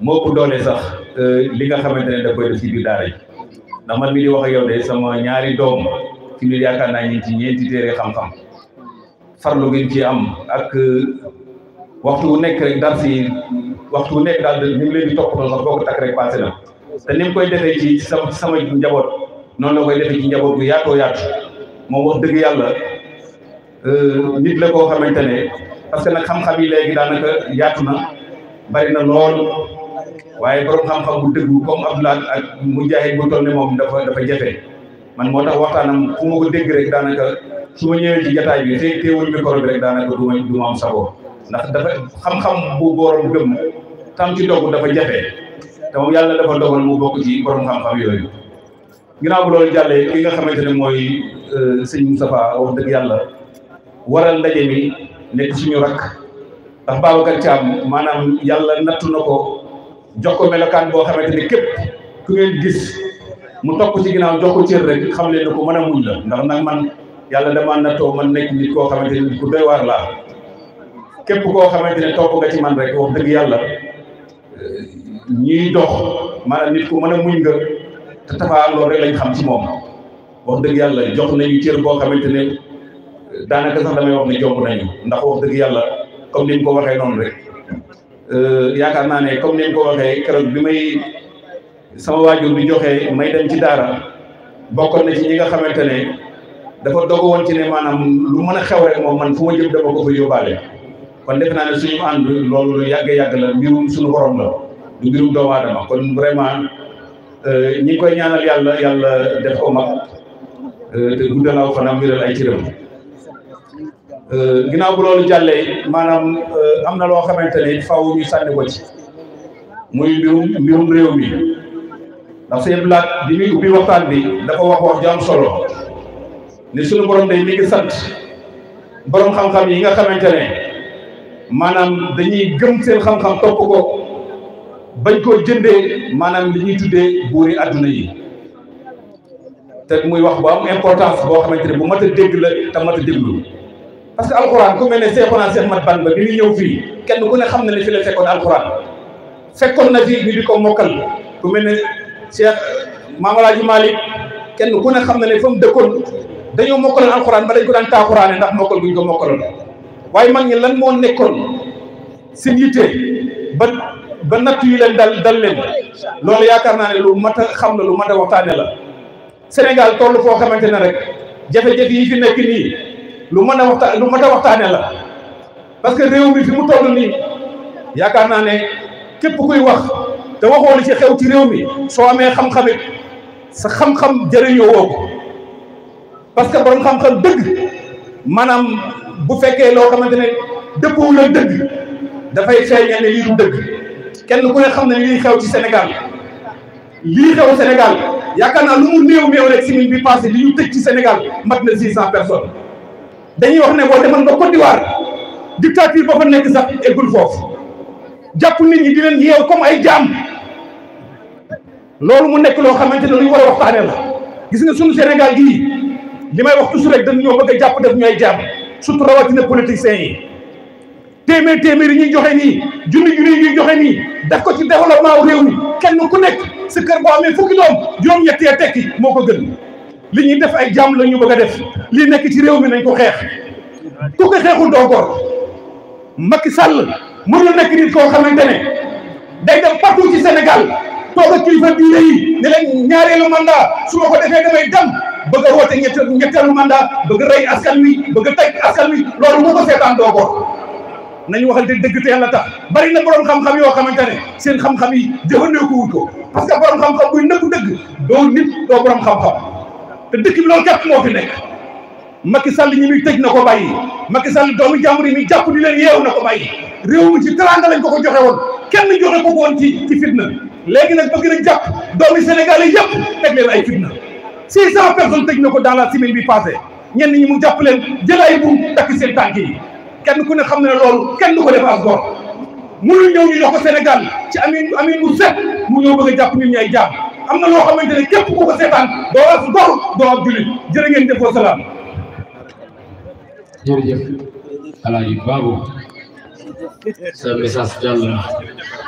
moo ko doole sax euh, li nga xamante ne da koy def ci biir daara yi ndax mi di wax ak yow de sama ñaari doom fi ñu yaakaar naa ñu ci ñeenti téere xam-xam farlu gi ci am ak euh, waxtu wu nekk rek dar si waxtu wu nekk daal ni mu leen di toppatoo sax boo ko takk rek passé na te ni mu koy defee ci sama sama njaboot noonu la koy defee ci njaboot bu yaatoo yaatu moom wax dëgg yàlla euh, nit la koo xamante ne parce que nag xam-xam yi léegi daanaka yaatu na. bari na lool waaye borom xam-xam bu dëggu comme Abdoulaye ak Mujahid bu toll ne moom dafa dafa jafe man moo tax waxtaanam fu ma ko dégg rek daanaka su ñëwee ci jataay bi te teewul micro bi rek daanaka du ma du ma am saboo ndax dafa xam-xam bu borom gëm tam ci dogu dafa jafe tam moom yàlla dafa dogal mu bokk ci borom xam-xam yooyu. ginnaaw bu loolu jàllee ki nga xamante ne mooy euh, sëñ Moustapha wax dëgg yàlla waral ndaje mi nekk suñu rakk. ndax Babacar Thiam maanaam yàlla nattu na ko jox ko melokaan boo xamante ne képp ku ngeen gis mu topp ci ginnaaw jox ko cër xam leen ne ko man yàlla damaa nattoo man nekk nit koo xamante ne ku doy waar laa képp koo ne topp nga ci man rek wax dëgg yàlla ñiy dox maanaam nit ku mën a muñ nga te Tapha rek lañ xam ci moom wax dëgg yàlla jox nañu cër boo xamante ne daanaka sax damay wax ne jomb nañu ndax wax dëgg yàlla. comme ni ñu ko waxee noonu rek euh, yaakaar naa ne comme ni ñu ko waxee keroog bi may sama waajur bi joxee may dem ci daara bokkoon na ci ñi nga xamante ne dafa dogu woon ci ne maanaam lu mën a xew rek moom man fu ma jëm ko fa yóbbaale kon defe naa ne suñu ànd loolu lu yàgg-yàgg la mbirum suñu borom la du mbirum doomu aadama kon vraiment euh, ñi ngi koy ñaanal yàlla yàlla def ko mag euh, te guddalaaw fanam wéral ay cëram Euh, ginnaaw bu loolu jàllee maanaam euh, am na loo xamante ne faaw ñu sànni ko ci muy mbirum mbirum réew mi ndax sëñ Abdou Lahad bi muy ubbi waxtaan bi dafa wax wax ju am solo ni sunu borom day mi ngi sant borom xam-xam yi nga xamante ne maanaam dañuy gëm seen xam-xam topp ko bañ koo jëndee maanaam li ñuy tuddee buuri adduna yi te muy wax bu am importance boo xamante ne bu mat a dégg la te mat a déglu. parce que alxuraan ku mel ne Seexuna Seex Mat Bamba bi muy ñëw fii kenn ku ne xam na ne fi la fekkoon alxuraan fekkoon na fii bi di ko mokkal ku mel ne Seex Maam Alaaji Maalik kenn ku ne xam na ne fa mu dëkkoon dañoo mokkaloon alxuraan ba dañ ko daan taaxuraane ndax mokkal buñ ko mokkaloon waaye mag ñi lan moo nekkoon seen yitte ba ba natt yi leen dal dal leen loolu yaakaar naa ne lu mat a xam la lu mat a la Sénégal toll foo xamante ne rek jafe-jafe yi fi nekk nii lu mën a waxtaan lu mën a waxtaane la parce que réew mi fi mu toll nii yaakaar naa ne képp kuy wax te waxoo li ci xew ci réew mi soo amee xam-xamit sa xam-xam jëriñoo parce que borom xam-xam dëgg maanaam bu fekkee loo xamante ne dëppoo la dëgg dafay feeñee ne lii du dëgg kenn ku ne xam ne lii xew ci Sénégal lii xew Sénégal yaakaar naa lu mu néew néew rek semaine bi passé li ñu tëj ci Sénégal mat na six cent personnes dañuy wax ne boo demoon ba Côte d'Ivoire dictature ba fa nekk sax eggul foofu jàpp nit ñi di leen yeew comme ay jaam loolu mu nekk loo xamante ne lu ñu war a waxtaanee la gis nga sunu Sénégal gi li may wax toujours rek dañ ñoo bëgg a jàpp def ñooy jaam ne rawatina seen yi téeméer téeméer yi ñuy joxe ni junni junni yi joxe nii def ko ci développement réew mi kenn ku nekk sa kër boo amee fukki doom juróom-ñett yee tekki moo ko gën. li ñu def ay jàmm la ñu bëgg a def li nekk ci réew mi nañ ko xeex ku ko xeexul doo góor Macky Sall mën na nekk nit koo xamante ne day dem partout ci Sénégal toog ak kilifa diine yi ne leen ñaareelu mandat su ma ko defee damay dem bëgg a woote ñett ñetteelu mandat bëgg a rey askan wi ba a teg askan wi loolu moo ko seetaan doo góor nañu de dëgg te yàlla tax bari na borom xam-xam yoo xamante ne seen xam-xam yi jëfandikoo wut ko parce que borom xam-xam buy nëbbu dëgg doo nit doo borom xam-xam. te dëkk bi loolu képp moo fi nekk Macky Sall ñi muy tëj na ko bàyyi Macky Sall doomu jàmbur yi muy jàpp di leen yeew na ko bàyyi réew mu ci teraanga lañ ko ko joxe woon kenn joxe ko woon ci ci fitna léegi nag bëgg na jàpp doomi Sénégal yëpp teg leen ay fitna six cent personnes tëj na ko dans la semaine bi passée ñenn ñi mu jàpp leen jël ay bu takk seen tànk yi kenn ku ne xam ne loolu kenn du ko def ak góor mënuñ ñëw ñu jox ko Sénégal ci amin amin mu set mu ñëw bëgg a jàpp ñun ñay jaam am na loo xamante ne képp ku ko seetaan doo ab gor doo ab jullit jërë ngeen jëf wa salaam. jërëjëf Alaaji Babou sa jàll